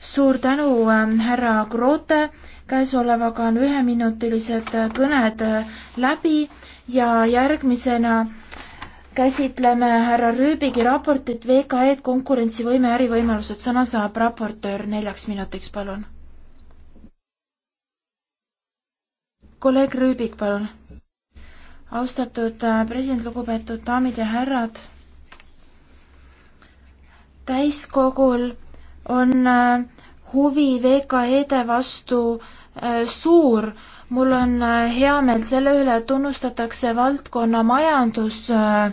suur tänu, ähm, härra Grote, käesolevaga on üheminutilised äh, kõned äh, läbi ja järgmisena käsitleme härra Rüübigi raportit VKE-d konkurentsivõime ärivõimalused, sõna saab raportöör neljaks minutiks, palun. kolleeg Rüübik, palun. austatud äh, president, lugupeetud daamid ja härrad, täiskogul on äh, huvi VKE-de vastu äh, suur. mul on äh, hea meel selle üle, et tunnustatakse valdkonna majandusvõimu.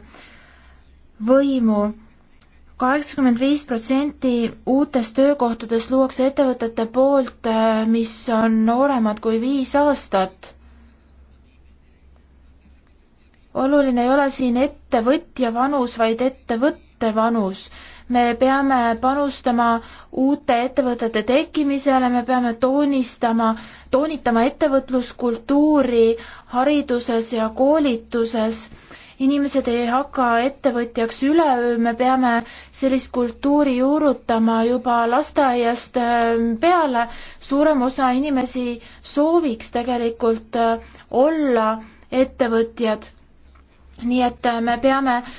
kaheksakümmend viis protsenti uutest töökohtadest luuakse ettevõtete poolt, mis on nooremad kui viis aastat. oluline ei ole siin ettevõtja vanus, vaid ettevõtte vanus me peame panustama uute ettevõtete tekkimisele, me peame toonistama, toonitama ettevõtluskultuuri hariduses ja koolituses. inimesed ei hakka ettevõtjaks üleöö, me peame sellist kultuuri juurutama juba lasteaiast ähm, peale. suurem osa inimesi sooviks tegelikult äh, olla ettevõtjad. nii et äh, me peame äh,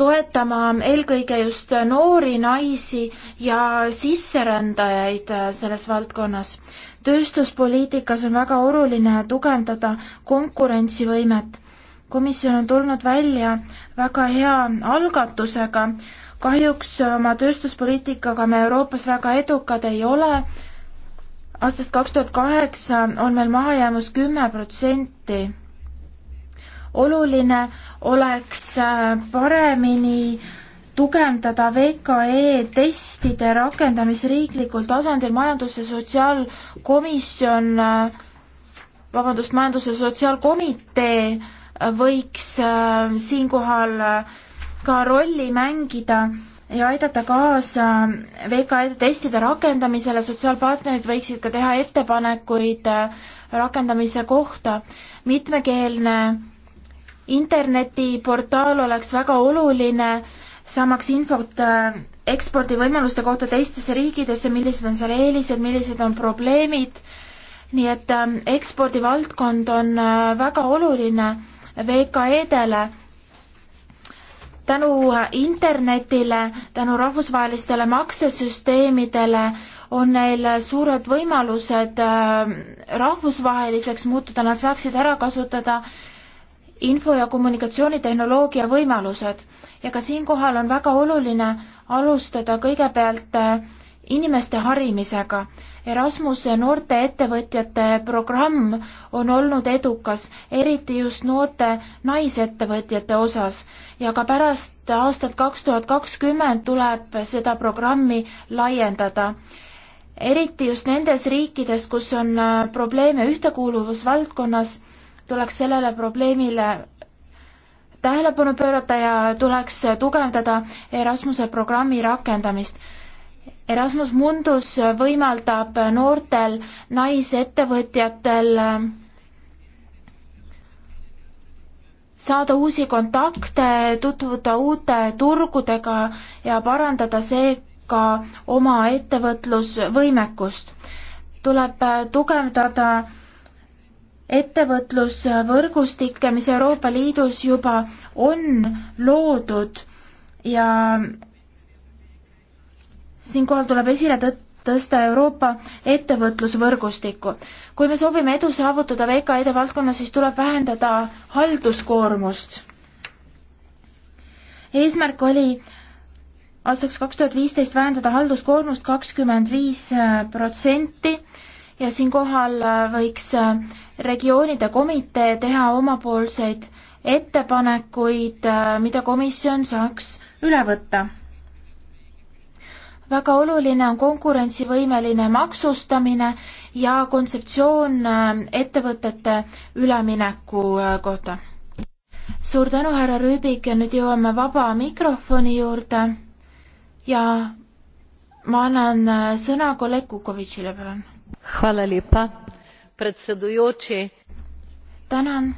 toetama eelkõige just noori naisi ja sisserändajaid selles valdkonnas. tööstuspoliitikas on väga oluline tugevdada konkurentsivõimet. komisjon on tulnud välja väga hea algatusega, kahjuks oma tööstuspoliitikaga me Euroopas väga edukad ei ole, aastast kaks tuhat kaheksa on meil mahajäämus kümme protsenti oluline oleks äh, paremini tugevdada VKE testide rakendamist riiklikul tasandil, majandus- ja sotsiaalkomisjon, äh, vabandust, majandus- ja sotsiaalkomitee äh, võiks siinkohal ka rolli mängida ja aidata kaasa VKE testide rakendamisele, sotsiaalpartnerid võiksid ka teha ettepanekuid rakendamise kohta. mitmekeelne internetiportaal oleks väga oluline, saamaks infot äh, ekspordivõimaluste kohta teistesse riikidesse, millised on seal eelised, millised on probleemid, nii et ähm, ekspordivaldkond on äh, väga oluline VKE-dele. tänu äh, internetile, tänu rahvusvahelistele maksesüsteemidele on neil suured võimalused rahvusvaheliseks muutuda, nad saaksid ära kasutada info- ja kommunikatsioonitehnoloogia võimalused ja ka siinkohal on väga oluline alustada kõigepealt äh, inimeste harimisega. Erasmuse noorte ettevõtjate programm on olnud edukas, eriti just noorte naisettevõtjate osas ja ka pärast aastat kaks tuhat kakskümmend tuleb seda programmi laiendada eriti just nendes riikides, kus on äh, probleeme ühtekuuluvusvaldkonnas tuleks sellele probleemile tähelepanu pöörata ja tuleks tugevdada Erasmuse programmi rakendamist. Erasmus Mundus võimaldab noortel naisettevõtjatel äh, saada uusi kontakte, tutvuda uute turgudega ja parandada seega oma ettevõtlusvõimekust. tuleb äh, tugevdada ettevõtlusvõrgustikke, mis Euroopa Liidus juba on loodud ja siinkohal tuleb esile tõsta Euroopa ettevõtlusvõrgustikku. kui me soovime edu saavutada VKE-de valdkonnas, siis tuleb vähendada halduskoormust. eesmärk oli aastaks kaks tuhat viisteist vähendada halduskoormust kakskümmend viis protsenti ja siinkohal võiks regioonide komitee teha omapoolseid ettepanekuid, äh, mida komisjon saaks üle võtta. väga oluline on konkurentsivõimeline maksustamine ja kontseptsioon äh, ettevõtete ülemineku äh, kohta. suur tänu, härra Rüübik ja nüüd jõuame vaba mikrofoni juurde ja ma annan sõna kolleeg Kukovitšile, palun predsedujoči. tänan.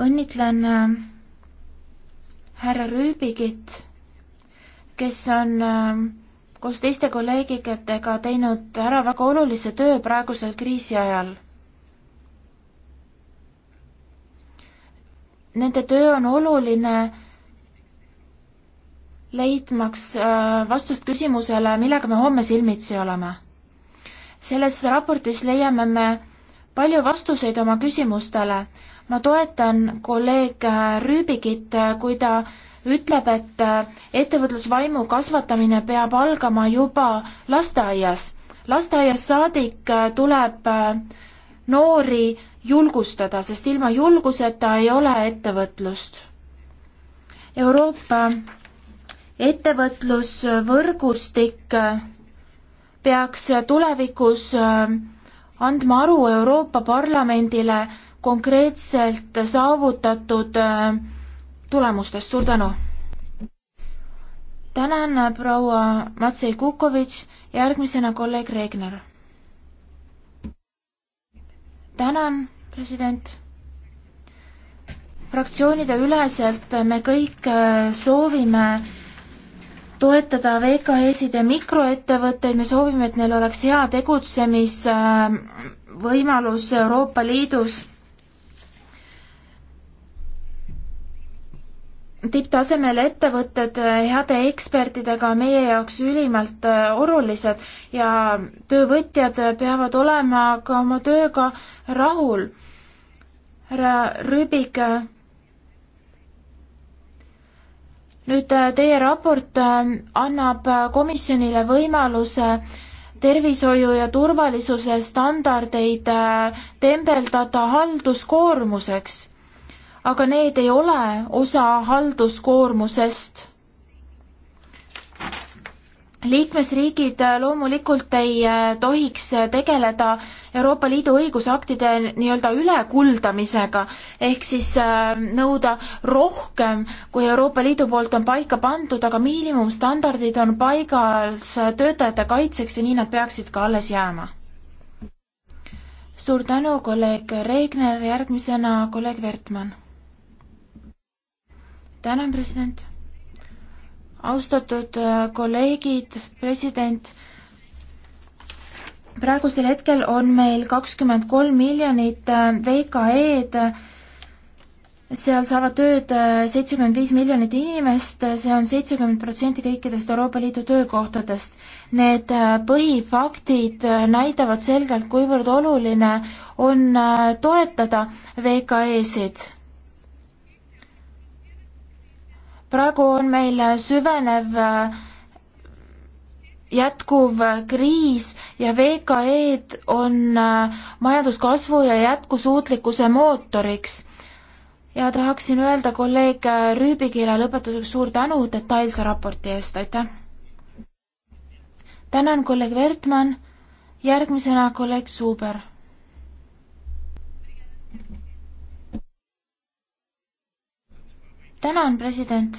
õnnitlen äh, härra Rüübigit, kes on äh, koos teiste kolleegidega teinud ära väga olulise töö praegusel kriisi ajal. Nende töö on oluline leidmaks äh, vastust küsimusele, millega me homme silmitsi oleme. selles raportis leiame me palju vastuseid oma küsimustele. ma toetan kolleeg äh, Rüübigit, äh, kui ta ütleb, et ettevõtlusvaimu kasvatamine peab algama juba lasteaias. lasteaias saadik tuleb noori julgustada, sest ilma julguseta ei ole ettevõtlust. Euroopa ettevõtlusvõrgustik äh, peaks äh, tulevikus äh, andma aru Euroopa Parlamendile konkreetselt saavutatud tulemustest, suur tänu! tänan, proua Matsei Kukovitš, järgmisena kolleeg Regner. tänan, president. fraktsioonide üleselt me kõik soovime toetada VKE-sid ja mikroettevõtteid, me soovime, et neil oleks hea tegutsemisvõimalus Euroopa Liidus. tipptasemel ettevõtted heade ekspertidega on meie jaoks ülimalt olulised ja töövõtjad peavad olema ka oma tööga rahul. härra Rüübik nüüd äh, teie raport äh, annab äh, komisjonile võimaluse tervishoiu ja turvalisuse standardeid tembeldada halduskoormuseks, aga need ei ole osa halduskoormusest liikmesriigid äh, loomulikult ei äh, tohiks äh, tegeleda Euroopa Liidu õigusaktide nii-öelda ülekuldamisega, ehk siis nõuda rohkem, kui Euroopa Liidu poolt on paika pandud, aga miinimumstandardid on paigas töötajate kaitseks ja nii nad peaksid ka alles jääma. suur tänu, kolleeg Regner, järgmisena kolleeg Vertmann. tänan, president austatud äh, kolleegid, president, praegusel hetkel on meil kakskümmend kolm miljonit äh, VKE-d, seal saavad tööd äh, seitsekümmend viis miljonit inimest, see on seitsekümmend protsenti kõikidest Euroopa Liidu töökohtadest. Need põhifaktid näitavad selgelt, kuivõrd oluline on toetada VKE-sid praegu on meil süvenev äh, jätkuv kriis ja VKE-d on äh, majanduskasvu ja jätkusuutlikkuse mootoriks. ja tahaksin öelda kolleeg äh, Rüübikile lõpetuseks suur tänu detailse raporti eest, aitäh! tänan kolleeg Vertmann, järgmisena kolleeg Suuber tänan, president.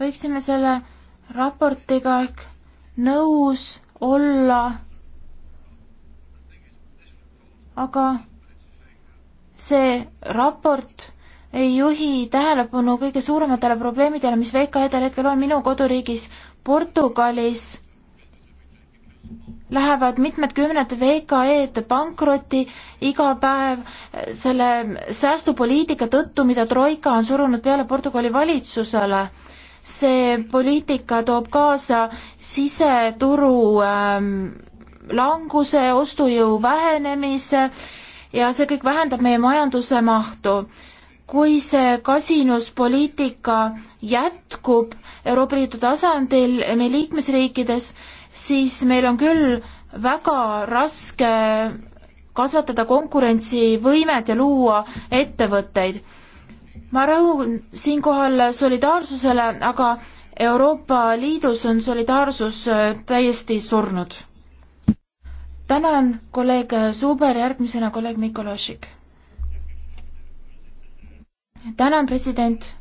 võiksime selle raportiga ehk nõus olla, aga see raport ei juhi tähelepanu kõige suurematele probleemidele, mis VKE-del hetkel on minu koduriigis Portugalis lähevad mitmed kümned VKE-d pankrotti iga päev selle säästupoliitika tõttu, mida Troika on surunud peale Portugali valitsusele. see poliitika toob kaasa siseturu ähm, languse, ostujõu vähenemise ja see kõik vähendab meie majanduse mahtu kui see kasinuspoliitika jätkub Euroopa Liidu tasandil meie liikmesriikides, siis meil on küll väga raske kasvatada konkurentsivõimet ja luua ettevõtteid. ma rõhun siinkohal solidaarsusele, aga Euroopa Liidus on solidaarsus täiesti surnud. tänan, kolleeg Suuber, järgmisena kolleeg Mikolašik. tänan, president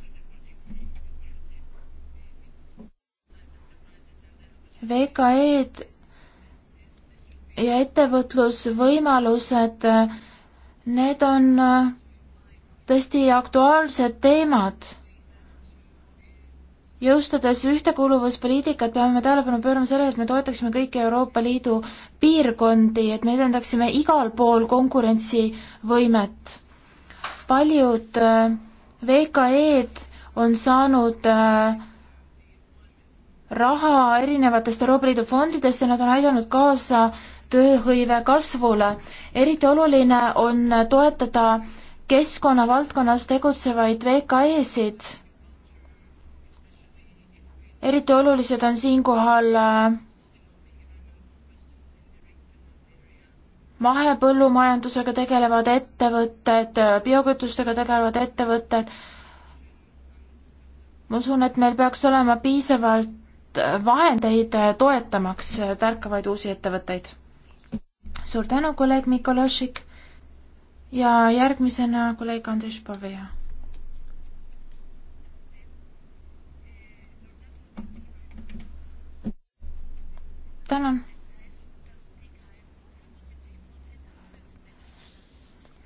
VKE-d ja ettevõtlusvõimalused, need on äh, tõesti aktuaalsed teemad. jõustades ühtekuuluvuspoliitikat, peame tähelepanu pöörama sellele, et me toetaksime kõiki Euroopa Liidu piirkondi, et me edendaksime igal pool konkurentsivõimet. paljud äh, VKE-d on saanud äh, raha erinevatest Euroopa Liidu fondidest ja nad on aidanud kaasa tööhõive kasvule. eriti oluline on toetada keskkonnavaldkonnas tegutsevaid VKE-sid. eriti olulised on siinkohal äh, mahepõllumajandusega tegelevad ettevõtted, biokütustega tegelevad ettevõtted. ma usun, et meil peaks olema piisavalt vahendeid toetamaks tärkavaid uusi ettevõtteid. suur tänu, kolleeg Mikolašik ja järgmisena kolleeg Andres Pavia. tänan.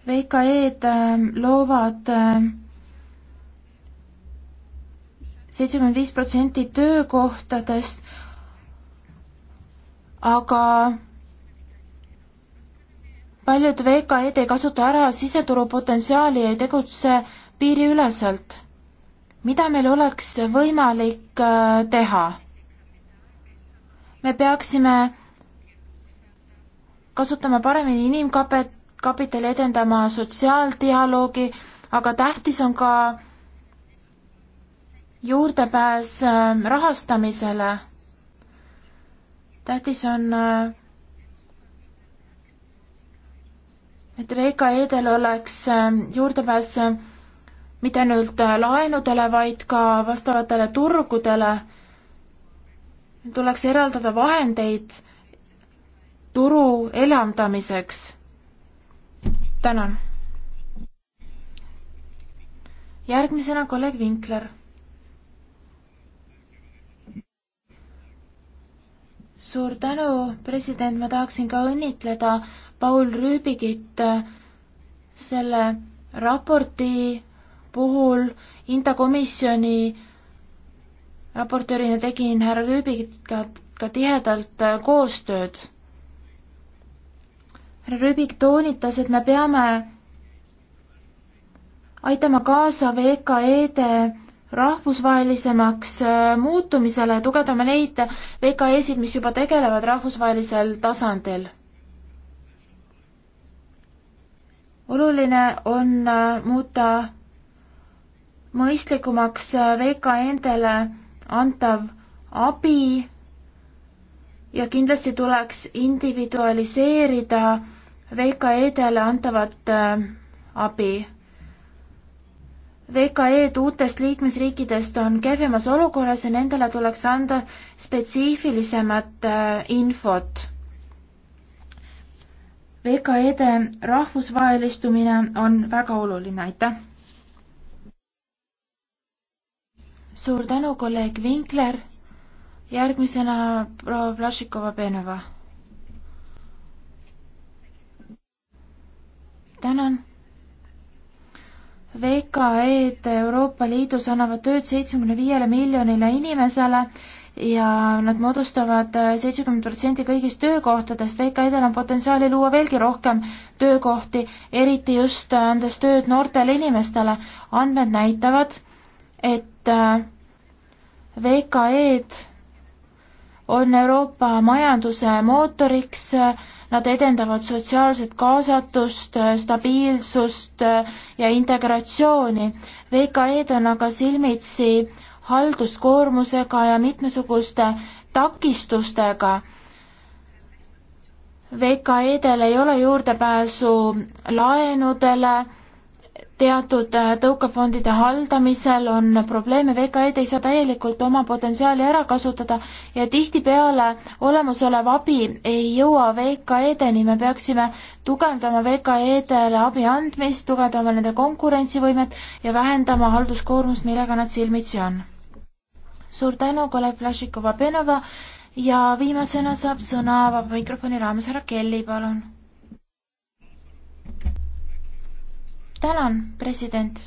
VKE-d äh, loovad äh, seitsekümmend viis protsenti töökohtadest, aga paljud VKE-d ei kasuta ära siseturu potentsiaali ja ei tegutse piiriüleselt. mida meil oleks võimalik äh, teha? me peaksime kasutama paremini inimkapitali, edendama sotsiaaldialoogi, aga tähtis on ka juurdepääs äh, rahastamisele. tähtis on, äh, et VKE-del oleks äh, juurdepääs mitte ainult laenudele, vaid ka vastavatele turgudele. tuleks eraldada vahendeid turu elavdamiseks. tänan. järgmisena kolleeg Vinkler suur tänu, president, ma tahaksin ka õnnitleda Paul Rüübigit äh, selle raporti puhul Inta komisjoni raportöörina tegin härra Rüübiga ka tihedalt äh, koostööd. härra Rüübik toonitas, et me peame aitama kaasa VKE-de rahvusvahelisemaks äh, muutumisele ja tugevdame neid VKE-sid, mis juba tegelevad rahvusvahelisel tasandil. oluline on äh, muuta mõistlikumaks äh, VKE-ndele antav abi ja kindlasti tuleks individualiseerida VKE-dele antavat abi VKE-d uutest liikmesriikidest on kehvemas olukorras ja nendele tuleks anda spetsiifilisemat äh, infot. VKE-de rahvusvahelistumine on väga oluline, aitäh! suur tänu, kolleeg Vinkler, järgmisena proua Vlašikova-Penova. tänan VKE-d Euroopa Liidus annavad tööd seitsmekümne viiele miljonile inimesele ja nad moodustavad äh, seitsekümmend protsenti kõigist töökohtadest, VKE-del on potentsiaali luua veelgi rohkem töökohti, eriti just äh, andes tööd noortele inimestele. andmed näitavad, et äh, VKE-d on Euroopa majanduse mootoriks äh, Nad edendavad sotsiaalset kaasatust, stabiilsust ja integratsiooni. VKE-d on aga silmitsi halduskoormusega ja mitmesuguste takistustega. VKE-del ei ole juurdepääsu laenudele teatud äh, tõukefondide haldamisel on probleeme, VKE-d ei saa täielikult oma potentsiaali ära kasutada ja tihtipeale olemasolev abi ei jõua VKE-deni, me peaksime tugevdama VKE-dele abi andmist, tugevdama nende konkurentsivõimet ja vähendama halduskoormust, millega nad silmitsi on. suur tänu, kolleeg Vlašikova-Penova ja viimasena saab sõna vaba mikrofoni raames härra Kelly, palun tänan, president.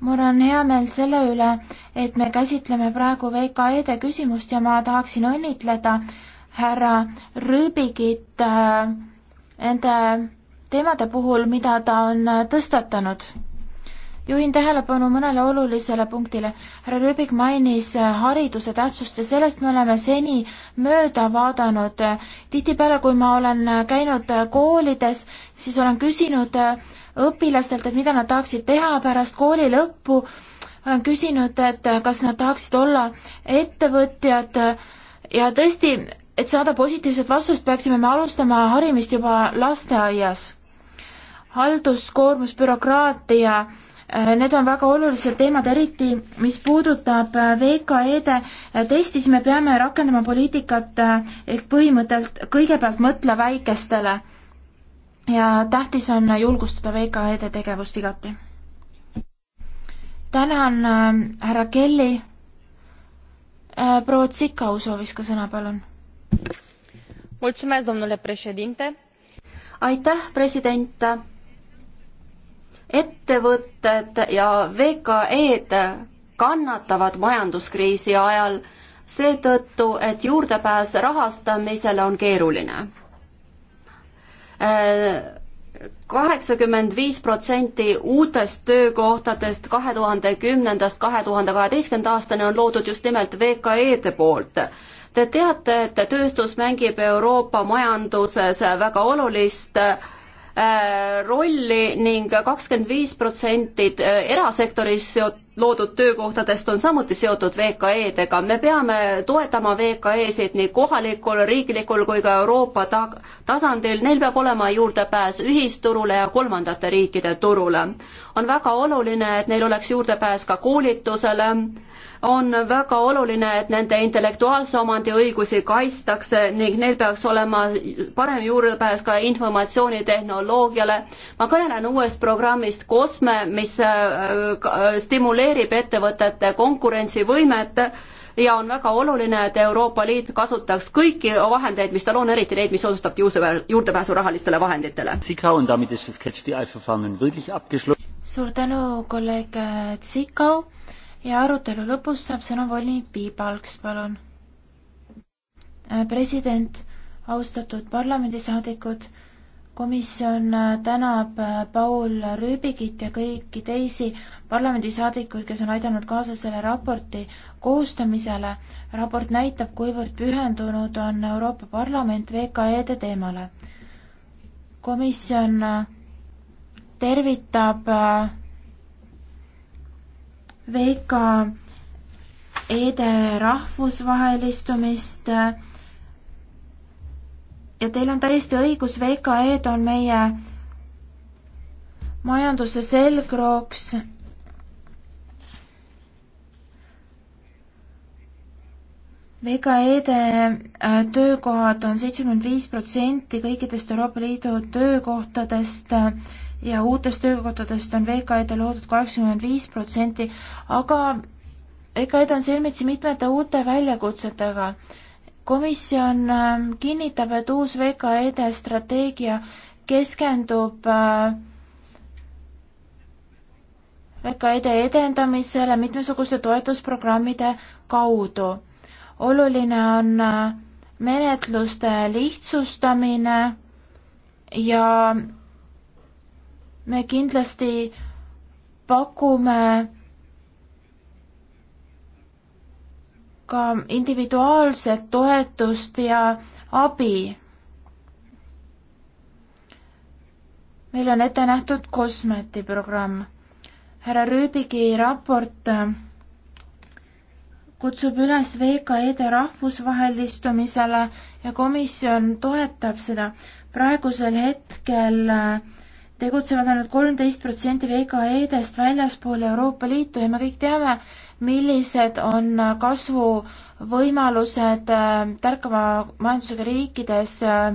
mul on hea meel selle üle, et me käsitleme praegu VKE-de küsimust ja ma tahaksin õnnitleda härra Rüübigit äh, nende teemade puhul, mida ta on äh, tõstatanud. juhin tähelepanu mõnele olulisele punktile. härra Rüübik mainis äh, hariduse tähtsust ja sellest me oleme seni mööda vaadanud. tihtipeale, kui ma olen äh, käinud koolides, siis olen küsinud äh, õpilastelt, et mida nad tahaksid teha pärast kooli lõppu. olen küsinud, et kas nad tahaksid olla ettevõtjad ja tõesti, et saada positiivset vastust, peaksime me alustama harimist juba lasteaias. halduskoormus, bürokraatia, need on väga olulised teemad, eriti mis puudutab VKE-de testi, siis me peame rakendama poliitikat eh, ehk põhimõttelt kõigepealt mõtle väikestele ja tähtis on julgustada VKE-de tegevust igati. tänan äh, härra Kelly äh,. proua Tsikau soovis ka sõna, palun. aitäh, president. ettevõtted ja VKE-d kannatavad majanduskriisi ajal seetõttu, et juurdepääs rahastamisele on keeruline kaheksakümmend viis protsenti uutest töökohtadest kahe tuhande kümnendast kahe tuhande kaheteistkümnenda aastani on loodud just nimelt VKE-de poolt. Te teate, et tööstus mängib Euroopa majanduses väga olulist äh, rolli ning kakskümmend viis protsenti äh, erasektoris seotud loodud töökohtadest on samuti seotud VKE-dega. me peame toetama VKE-sid nii kohalikul, riiklikul kui ka Euroopa ta tasandil. Neil peab olema juurdepääs ühisturule ja kolmandate riikide turule. on väga oluline, et neil oleks juurdepääs ka koolitusele. on väga oluline, et nende intellektuaalse omandi õigusi kaitstakse ning neil peaks olema parem juurdepääs ka informatsioonitehnoloogiale. ma kõnelen uuest programmist COSME, mis äh, äh, stimuleerib stimuleerib ettevõtete konkurentsivõimet ja on väga oluline, et Euroopa Liit kasutaks kõiki vahendeid, mis tal on, eriti neid, mis soodustab juurdepääsu rahalistele vahenditele. suur tänu, kolleeg Tsikau äh, ja arutelu lõpus saab sõna volinik Piibalks, palun. Äh, president, austatud parlamendisaadikud komisjon äh, tänab äh, Paul Rüübigit ja kõiki teisi parlamendisaadikuid, kes on aidanud kaasa selle raporti koostamisele. raport näitab, kuivõrd pühendunud on Euroopa Parlament VKE-de teemale. komisjon äh, tervitab VKE-de rahvusvahelistumist ja teil on täiesti õigus, VKE-d on meie majanduse selgrooks. VKE-de äh, töökohad on seitsekümmend viis protsenti kõikidest Euroopa Liidu töökohtadest äh, ja uutest töökohtadest on VKE-de loodud kaheksakümmend viis protsenti, aga VKE-d on silmitsi mitmete uute väljakutsetega komisjon ähm, kinnitab, et uus VKE-de strateegia keskendub äh, VKE-de edendamisele mitmesuguste toetusprogrammide kaudu. oluline on äh, menetluste lihtsustamine ja me kindlasti pakume ka individuaalset toetust ja abi. meil on ette nähtud Kosmeti programm. härra Rüübigi raport äh, kutsub üles VKE-de rahvusvahelistumisele ja komisjon toetab seda. praegusel hetkel äh, tegutsevad ainult kolmteist protsenti VKE-dest väljaspool Euroopa Liitu ja me kõik teame, millised on kasvuvõimalused äh, tärkava majandusega riikides äh,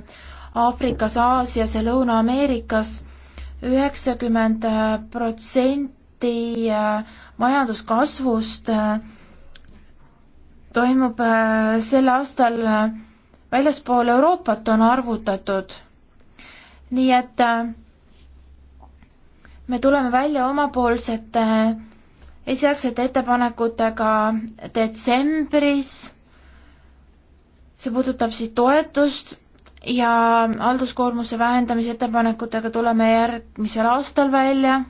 Aafrikas, Aasias ja Lõuna-Ameerikas. üheksakümmend protsenti äh, majanduskasvust toimub sel aastal väljaspool Euroopat, on arvutatud. nii et äh, me tuleme välja omapoolsete äh, esialgsete ettepanekutega detsembris. see puudutab siis toetust ja halduskoormuse vähendamise ettepanekutega tuleme järgmisel aastal välja.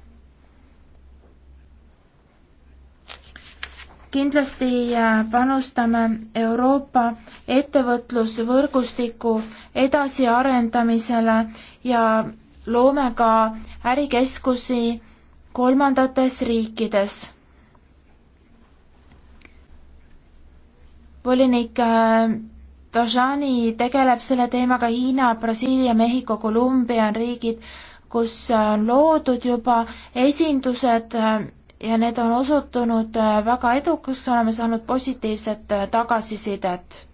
kindlasti äh, panustame Euroopa ettevõtlusvõrgustiku edasiarendamisele ja loome ka ärikeskusi kolmandates riikides. volinik Tajani äh, tegeleb selle teemaga Hiina, Brasiilia, Mehhiko, Kolumbia on riigid, kus äh, on loodud juba esindused äh, ja need on osutunud väga edukaks, oleme saanud positiivset tagasisidet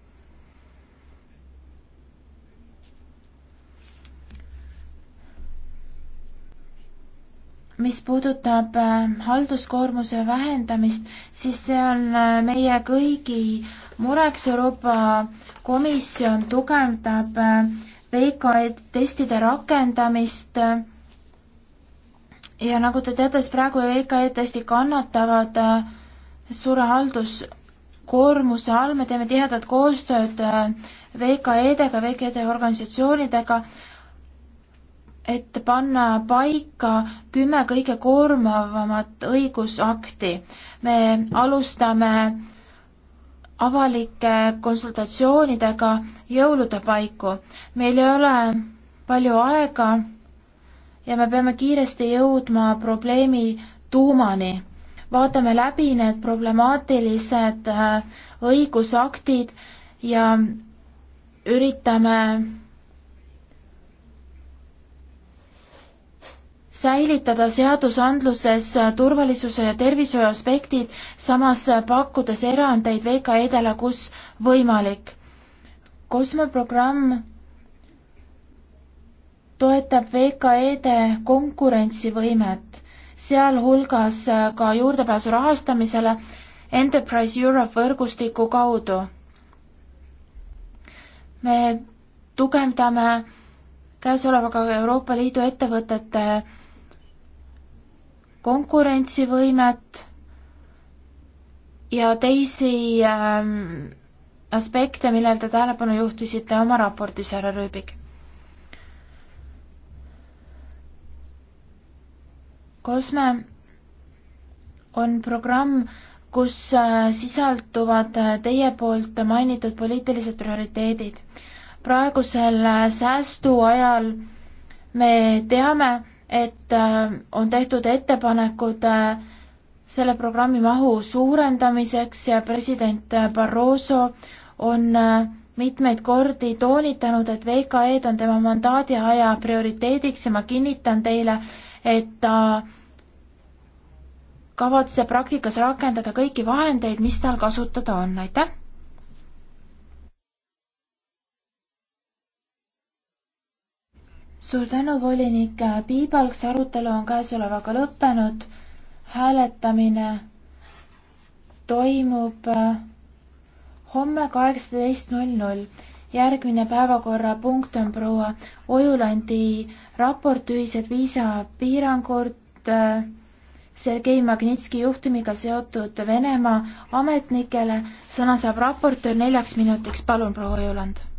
mis puudutab äh, halduskoormuse vähendamist, siis see on äh, meie kõigi mureks. Euroopa Komisjon tugevdab äh, VKE testide rakendamist. ja nagu te teate, siis praegu VKE testid kannatavad suure halduskoormuse all, me teeme tihedat koostööd VKE-dega, VKE-de organisatsioonidega et panna paika kümme kõige koormavamat õigusakti. me alustame avalike konsultatsioonidega jõulude paiku. meil ei ole palju aega ja me peame kiiresti jõudma probleemi tuumani. vaatame läbi need problemaatilised äh, õigusaktid ja üritame säilitada seadusandluses turvalisuse ja tervishoiu aspektid, samas pakkudes erandeid VKE-dele, kus võimalik. kosmoprogramm toetab VKE-de konkurentsivõimet, sealhulgas ka juurdepääsu rahastamisele Enterprise Europe võrgustiku kaudu. me tugevdame käesolevaga Euroopa Liidu ettevõtete konkurentsivõimet ja teisi ähm, aspekte, millel te tähelepanu juhtisite oma raportis, härra Rüübik. Kosme on programm, kus äh, sisalduvad äh, teie poolt mainitud poliitilised prioriteedid. praegusel äh, säästuajal me teame, et äh, on tehtud ettepanekud äh, selle programmi mahu suurendamiseks ja president äh, Barroso on mitmeid kordi toonitanud, et VKE-d on tema mandaadi aja prioriteediks ja ma kinnitan teile, et ta kavatseb praktikas rakendada kõiki vahendeid, mis tal kasutada on, aitäh! suur tänu, volinik Piibalks, arutelu on käesolevaga lõppenud. hääletamine toimub äh, homme kaheksateist null null. järgmine päevakorrapunkt on proua Ojulandi raport ühised viisapiirangud äh, Sergei Magnitski juhtumiga seotud Venemaa ametnikele. sõna saab raportöör neljaks minutiks, palun, proua Ojuland